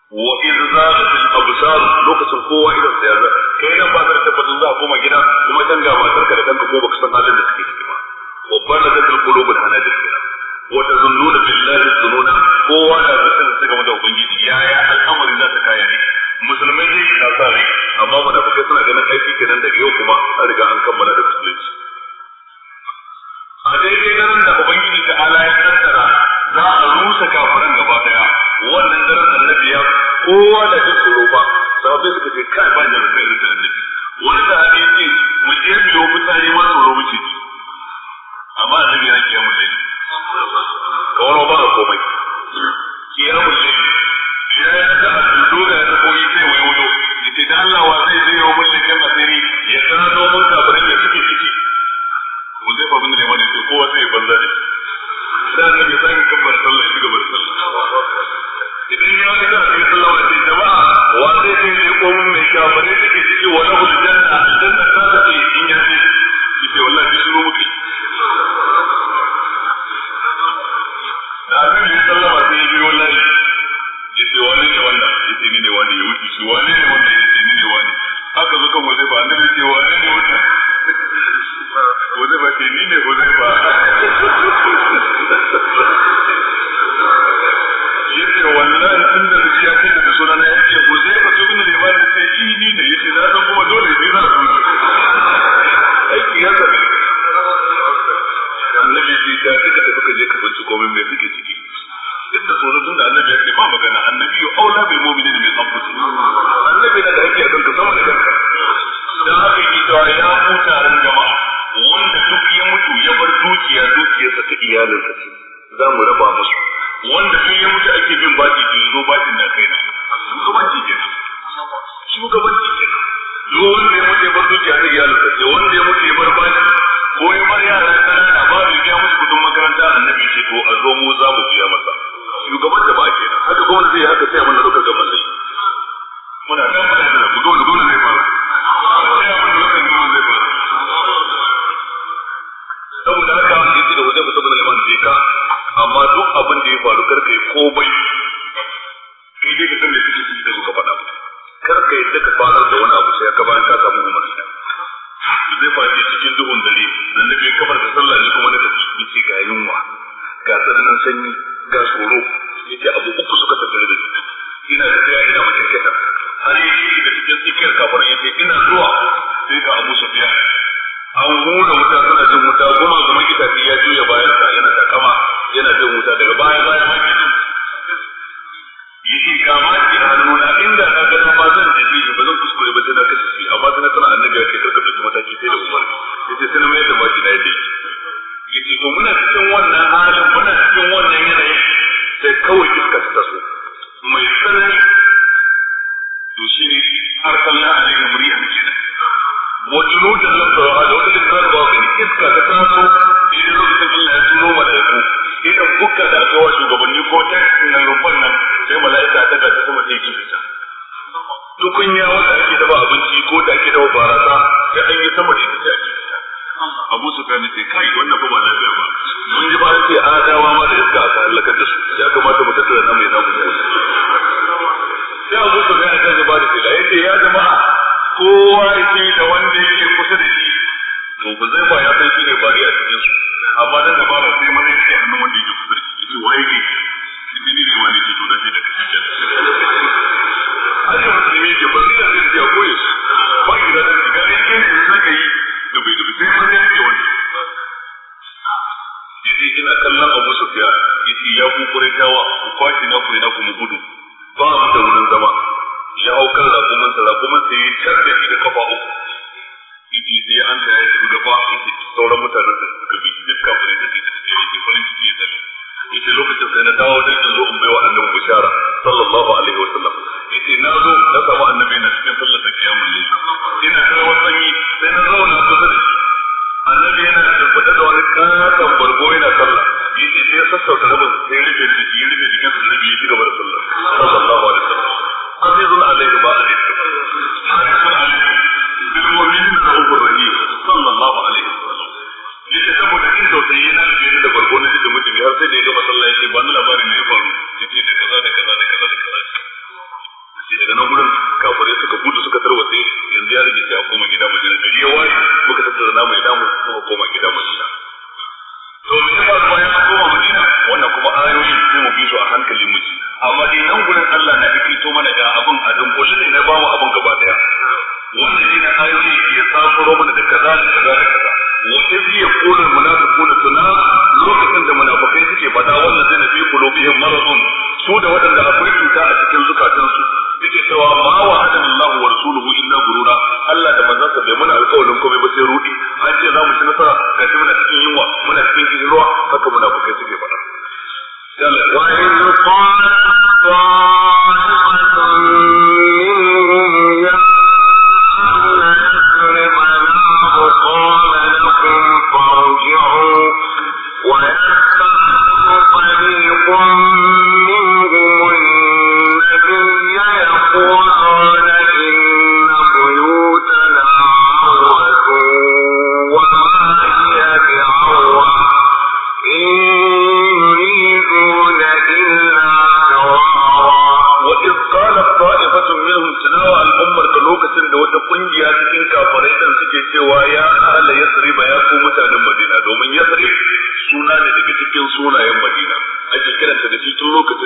wa idza zaqat al absar lokacin kowa idan sai yaza kai nan ba ka tabbatar za a koma gida kuma dan ga matar ka da kanka ko baka san halin da take ciki ba wa bana da qulubul hanajir kenan wa tazunnuna billahi zununa kowa da zaka san game da ubangiji yaya al'amarin da ta kaya ne musulmai ne da na amma ba da munafikai suna ganin aiki kenan da yau kuma an riga an kammala da su sai suka ce kai ba da kai taron jama'a wanda duk ya mutu ya bar dukiya dukiyarsa ta iyalinsa ce za mu raba musu wanda duk ya mutu ake bin baki to zo bajin na kai na shugabanci kenan shugabanci kenan duk wanda ya mutu ya bar dukiya ta iyalinsa ce wanda ya mutu ya bar baji ko ya bar yara kanana ba mai biya musu kudin makaranta annabi ce to a zo mu za mu biya masa shugaban da ba kenan haka gwamnati zai haka sai a mana lokacin gwamnati muna nan ba da mu gwamnati zai fara saboda haka ya ce da wajen ba saboda liman je ka amma duk abin da ya faru kar ka yi bai kai dai ka san da suke ciki ka zo ka faɗa kar ka yadda ka farar da wani abu sai ka bayan ka samu umarni zai faɗi cikin duhun dare annabi ya kamar da sallah ne kuma na tafi yace ga yunwa ga tsananin sanyi ga tsoro yace abu uku suka tafi da shi ina tafiya ina mace har yi da cikin tsikiyar ya ce ina zuwa sai ga Abu Sufyan an hura wuta suna jin wuta goma zama itace ya juya bayan sa yana takama yana jin wuta daga baya bayan haka yake kama ki hannu na inda na ga na zan tafi ba zan kuskure ba sai na kashe shi amma sai na kana annabi ya ce karka dauki mataki sai da umar ce sai na mai da baki na yadda yace to muna cikin wannan halin muna cikin wannan yanayin sai kawai iska ta taso mai tsanani to shi ne shine arsalna alaihim rihan kenan وجنود لم ترها لو تجد كان باطل إذكا تتناسو إذا لم الله يسنو ملائكو إذا بكا دا أكوا شو قبل يكوتا إن الرفنا سي ملائكا تبا تسمى تيجي بتا لكن يا ولا أكيد با أبنتي كوتا أكيد وبارتا كأن يسمى تيجي بتا abu su kan ce kai wannan ba ba lafiya ba mun ji bayan sai a dawa ma da iska aka halaka da su ya kamata mu tattara na mai namu da sai abu su kan ce ba da sai ya jama'a kowa da ke da wanda yake kusa da shi to ba zai ba ya san shi ne ba a cikin su amma nan da ba ba sai mana yake hannun wanda yake kusa da shi yake waye ne shi ne wani ke to da shi da kashi a ce musulmi ke ba sai da shi a koyi ba ki da shi ga yake ne da zaka yi da bai da bai sai mai yake wani yace ina kallon Abu Sufyan yace ya ku kuretawa ku kwashi na ku na ku gudu kuma su yi tar da shi da وإذ قالت طائفة kafirai suke cewa ya ahla yasriba ya ku mutanen madina domin yasri suna ne daga cikin sunayen madina ake kiranta da shi tun lokacin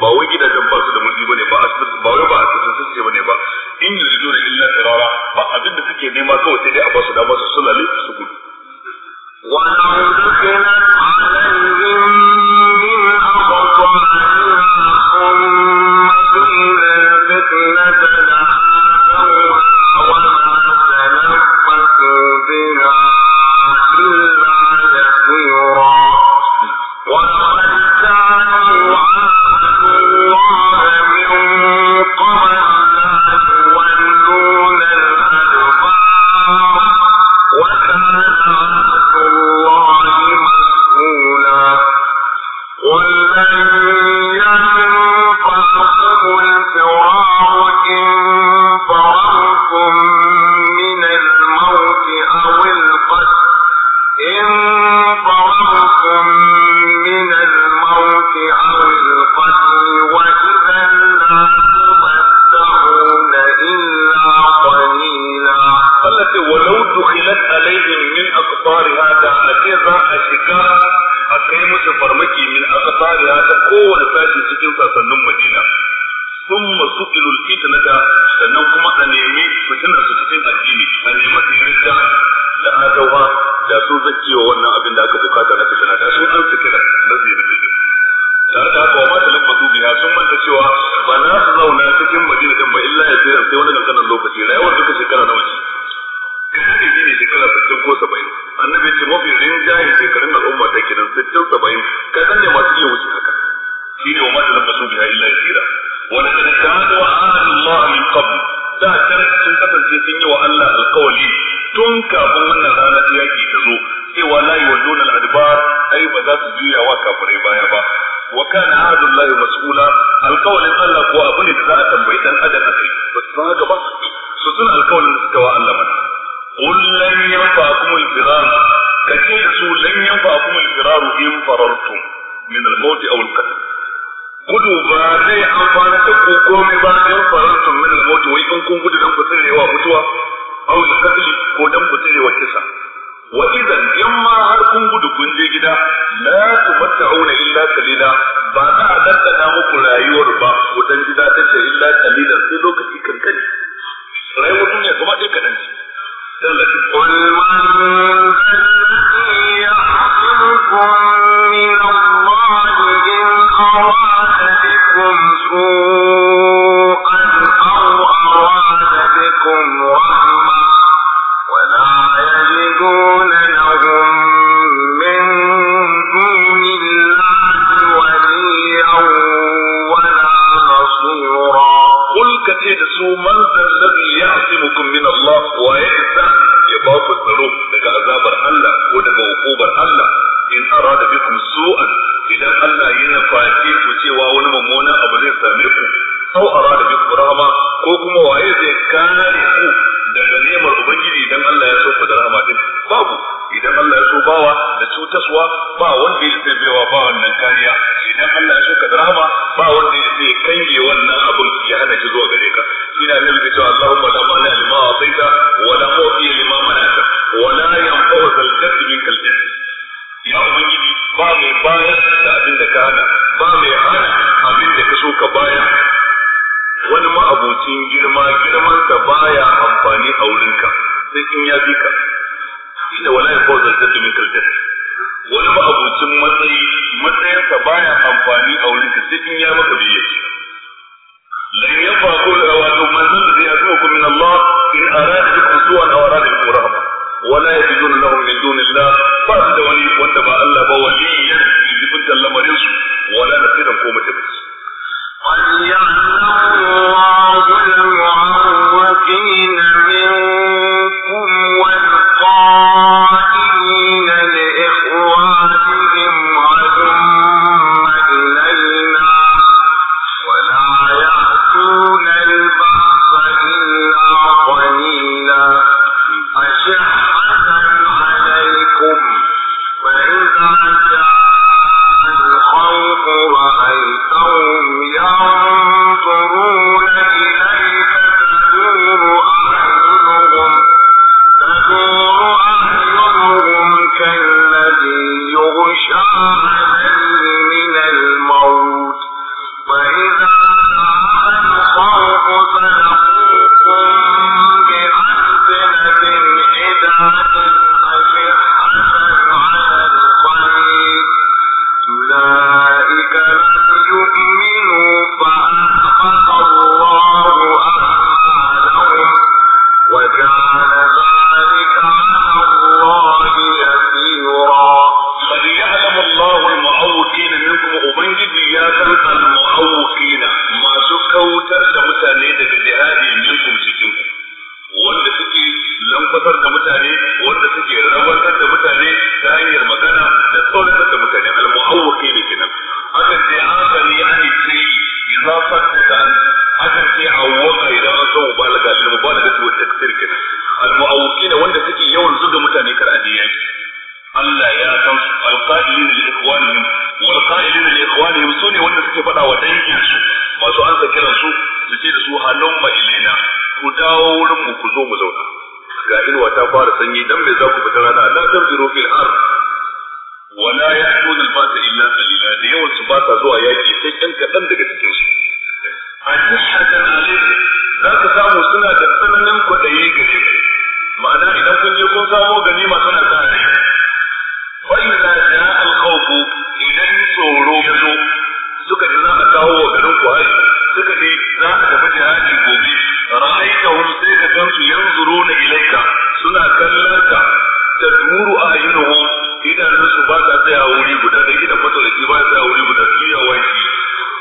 ba wai gidajen ai ba za su juya wa kafirai baya ba wa kana ahadullahi mas'ula alqawlin Allah ko abu ne da za a tambayi dan adam kai ba su haka ba su sun alqawlin suka wa Allah ba qul lan yanfa'akum al-firar kace da su lan yanfa'akum al-firar in farartum min al-maut aw al-qatl gudu ba zai amfana da ku komai ba in farartum min al-maut wai in kun gudu dan ku tsirewa mutuwa aw al-qatl ko dan ku tsirewa kisa wa idan in ma har kun gudu kun je gida la tumatta'una illa qalila ba za a daddana muku rayuwar ba wutan gida ta ce illa qalilan sai lokaci kankani rayuwar duniya kuma dai kadan ce قل من ذا الذي يحكمكم cewa waye isa ya ba ku tsaro daga azabar Allah ko daga hukubar Allah in arada bikum su'an idan Allah ya nufaci ku cewa wani mummunan abu zai same ku aw arada bikum rahama ko kuma waye zai kare ku daga nemar ubangiji idan Allah ya so ku da rahama din babu idan Allah ya so bawa da cutaswa ba wanda ya sai baiwa ba wannan kariya idan Allah ya so ka rahama ba wanda ya sai kange wannan abun ya hana ki zuwa gare ka ina nan da cewa Allahumma la mani lima ataita wa la mu'ti lima manaka wa la yanfa'u zal jaddi minkal jaddi ya ubangiji ba mai bayar da abin da ka hana ba mai hana abin da ka so ka baya wani ma'abocin girma girmansa baya amfani a wurinka sai in ya bi ka shine wala yanfa'u zal jaddi minkal jaddi wani abocin matsayi matsayinsa baya amfani a wurinka sai in ya maka biyayya لن ينفع كل أو من يأتوكم من الله إن أراد بكم سوءا أو أراد بكم رحمة ولا يجدون لهم من دون الله فاسد ولي وانتبع الله فوليا يجبنت لما ينسوا ولا نسير قوم تبس قد يعلم الله المعوقين idza fassara hakan ce a waka idan an so mubalaga da mubalaga ta wanda suke mutane Allah ya sune wanda suke dangin masu an kiran suke da su halon ku dawo ku zo mu zauna ga ta fara sanyi dan me za ku fita rana wala basa da ba sa zuwa yaki sai kan kadan daga cikin A jihar alayk za ka samu suna da tsananin kwaɗayi ga shi ma'ana idan kun je kun samo ganima suna sa rai fa idza jaa al-khawf idan tsoro ya zo suka ji za a kawo wa garin ku hari suka ji za a tafi jihadi gobe wani sai ka gansu yanzuruna ilayka suna kallon ka tadmuru idan idanunsu ba ta tsaya wuri guda da idan matsalaki ba ta tsaya wuri guda juyawa shi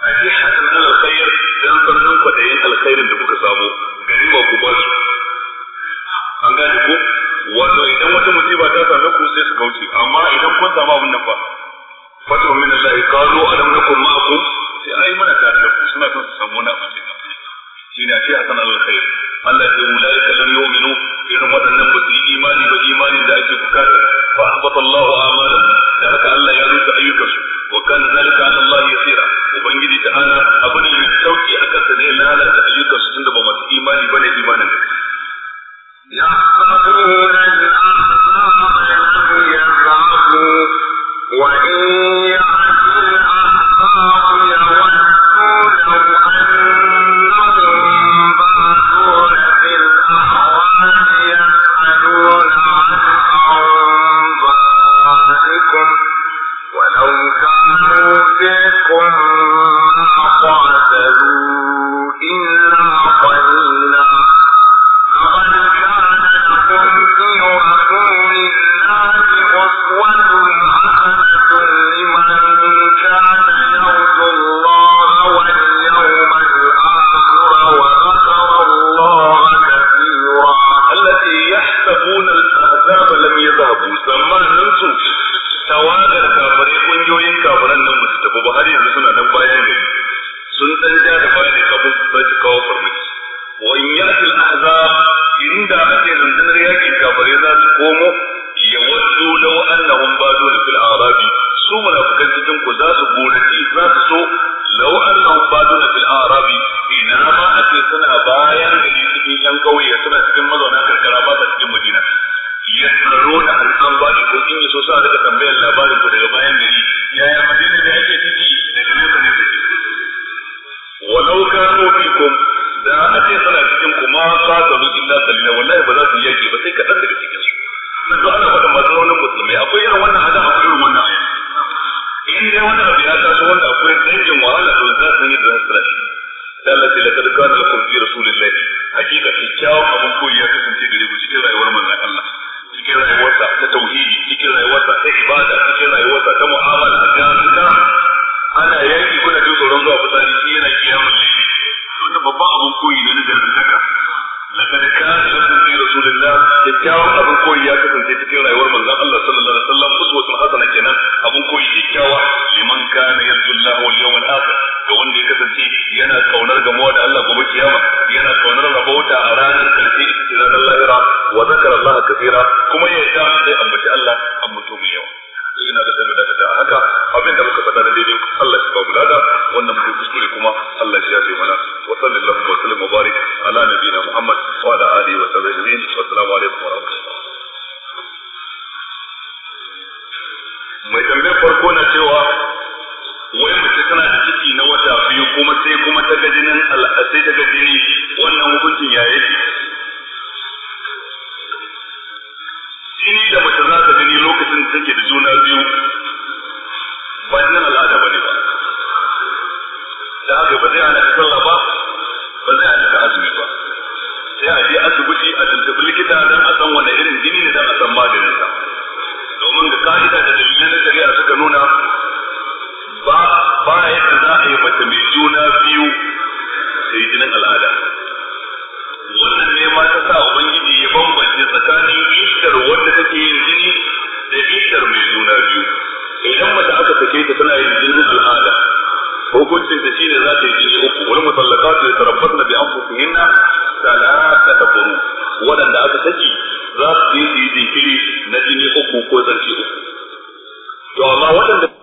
ajihatan al alkhair dan sannan kwadayin alkhairin da kuka samu gari ma ku ba su an gane ku wato idan wata musiba ta same ku sai su kauce amma idan kun samu abin nan fa fatu min Allah qalu alam nakum ma'akum sai ai mana tare da ku suna son su samu wani abu kenan shine sai a sanar alkhair Allah ya ulai ka lam yu'minu irin waɗannan ba su yi imani ba imanin da ake bukata fa ahbata Allahu amalan da haka Allah ya rusa ayyukansu wa kan zalika ala Allah yasir koyi da nazar haka laqad kana lakum fi rasulillah kyakkyawan abin koyi ya kasance cikin rayuwar manzon Allah sallallahu alaihi wasallam uswatun hasana kenan abin koyi kyakkyawa liman kana yarjullah wal yawmal akhir ga wanda ya kasance yana kaunar gamuwa da Allah gobe kiyama yana kaunar rabauta a ranar karshe ita ce ranar lahira wa zakara Allah kathira kuma ya yarda zai ambaci Allah ambato mai yawa ina da dama da haka abin da muka faɗa da daidai Allah ya ba mu lada wannan mu kuskure kuma Allah ya yafe mana wa sallallahu wa sallam mubarak ala nabiyina Muhammad wa ala alihi wa sahbihi wa assalamu alaikum wa rahmatullahi mai tambayar farko na cewa wai mace tana da ciki na wata biyu kuma sai kuma ta gaji nan sai ta gaji gajini wannan hukuncin ya yake jini da mace za ta gani lokacin da take da juna biyu ba jinin al'ada ba ne ba da haka ba zai hana sallah ba ba zai hana azumi ba sai a je asibiti a tuntuɓi likita don a san wani irin jini ne don a san maganin sa domin da ka'ida da dalilai na shari'a suka nuna ba ba yadda za a yi mace mai juna biyu sai jinin al'ada wannan ne ma ta sa ubangiji ya bambance tsakanin iskar wanda take yin jini da iskar mai juna biyu idan mace aka sake ta tana yin jinin al'ada hukuncin ta shine za ta yi jini uku wani wal mutallaqatu yatarabbasna bi anfusihinna thalathata quru waɗanda aka saki za su je su yi jinkiri na jini uku ko zarci uku to amma wadanda